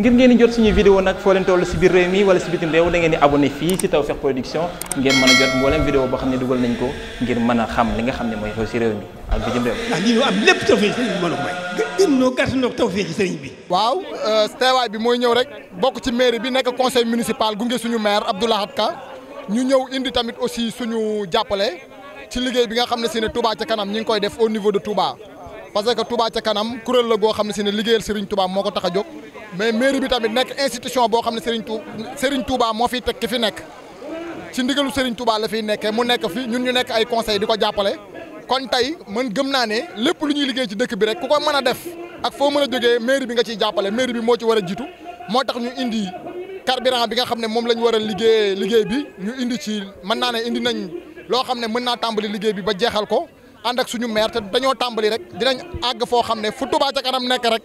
ngir ngeen jot suñu vidéo nag foo leen toll si biir réew mi wala si bitim réew da di abonné fii si Tawfekh Production ngeen mën a jot mboolem vidéo boo xam ne dugal nañ ko ngir mën a xam li nga xam ne mooy xew si réew mi ak bitim réew. ndax bi waaw euh, teewaay bi mooy ñëw rek bokk ci maire bi nekk conseil municipal gunge suñu maire Abdoulahat Ka ñu ñëw indi tamit aussi suñu jàppale ci liggéey bi nga xam ne si ne Touba ca kanam ñi ngi koy def au niveau de Touba parce que Touba kuréel la goo xam ne si ne liggéeyal Serigne Touba moo ko tax a jóg mais mairie bi tamit nekk institution boo xam ne Serigne Touba moo fiy teg ki fi nekk ci ndigalu Serigne Touba la fiy nekke mu nekk fi ñun ñu nekk ay conseil di ko jàppale kon tey mën gëm naa ne lépp lu ñuy liggéey ci dëkk bi rek ku ko mën a def ak foo mën a jógee mairie bi nga ciy jàppale mairie bi moo ci war a jiitu moo tax ñu indi carburant bi nga xam ne moom la ñu war a liggéeyee liggéey bi ñu indi ci mën naa ne indi nañ loo xam ne mën naa tàmbali liggéey bi ba jeexal ko ànd ak suñu maire dañoo tàmbali rek dinañ àgg foo xam ne fu Touba ca kanam nekk rek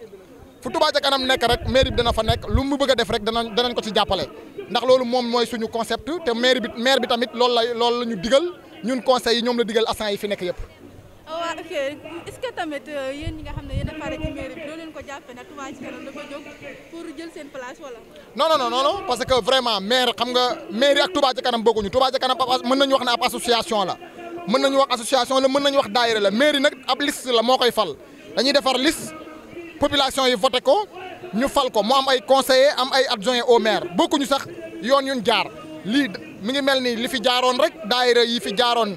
fu Touba ca kanam nekk rek mairie bi dana fa nekk lu mu bëgg a def rek danañ danañ ko ci jàppale ndax loolu moom mooy suñu concept te maire bi maire bi tamit loolu la loolu la ñu digal ñun conseil yi ñoom la digal assants yi fi nekk yëpp. Oh, waaw ok euh, a pare ci ko jàppee nag Touba ci kanam parce que vraiment maire xam nga mairie ak Touba ca kanam bokkuñu Touba ca kanam mën nañu wax ne ab association la. mën nañu wax association la mën nañu wax daayira la mairie nag ab liste la moo koy fal dañuy defar liste. population yi voté ko ñu fal ko mu am ay conseillers am ay adjoints au maire bokkuñu sax yoon yuñ jaar lii mi ngi mel ni li fi jaaroon rek daayira yi fi jaaroon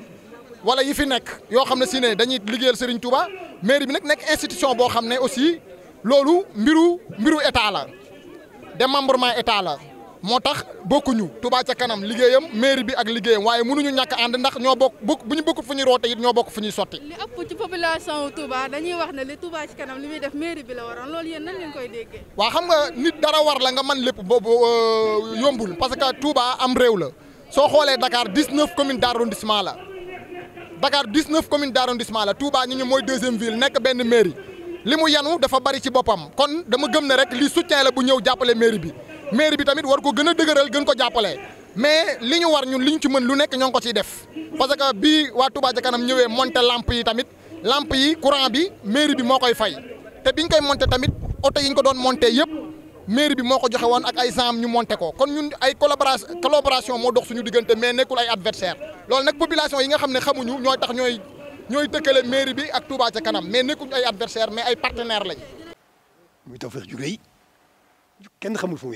wala yi fi nekk yoo xam ne si ne dañuy liggéeyal Serigne Touba mairie bi nag nekk institution boo xam ne aussi loolu mbiru mbiru état la démembrement état la. moo tax bokkuñu Touba ca kanam liggéeyam mairie bi ak liggéeyam waaye mënuñu ñàkk ànd ndax ñoo bokk bokk bu ñu bokkut fu ñuy roote it ñoo bokk fu ñuy sotti. li ëpp ci population Touba dañuy wax ne li Touba ci kanam li muy def mairie bi la waroon loolu yéen nan ngeen koy déggee. waaw xam nga nit dara war la nga man lépp boobu euh, yombul parce que Touba am réew la soo xoolee Dakar 19 communes d' arrondissement la Dakar 19 communes d' arrondissement la Touba ñu ñu mooy deuxième ville nekk benn mairie li mu yanu dafa bari ci boppam kon dama gëm ne rek li soutien la bu ñëw jàppale mairie bi. mairie bi tamit war ko gën a dëgëral gën ko jàppale mais li ñu war ñun li ñu ci mën lu nekk ñoo ngi ko ciy def parce que bii waa Touba ca kanam ñëwee monter lampe yi tamit lampe yi courant bi mairie bi moo koy fay te bi biñ koy monter tamit oto yi ñu ko doon monte yëpp mairie bi moo ko joxe woon ak ay gens ñu monter ko kon ñun ay collaboration collaboration moo dox suñu diggante mais nekkul ay adversaire loolu nag population yi nga xam ne xamuñu ñooy tax ñooy ñooy tëkkale mairie bi ak Touba ca kanam mais nekkuñ ay adversaire mais ay partenaire lañ. muy Tawfekh ju kenn xamul fu mu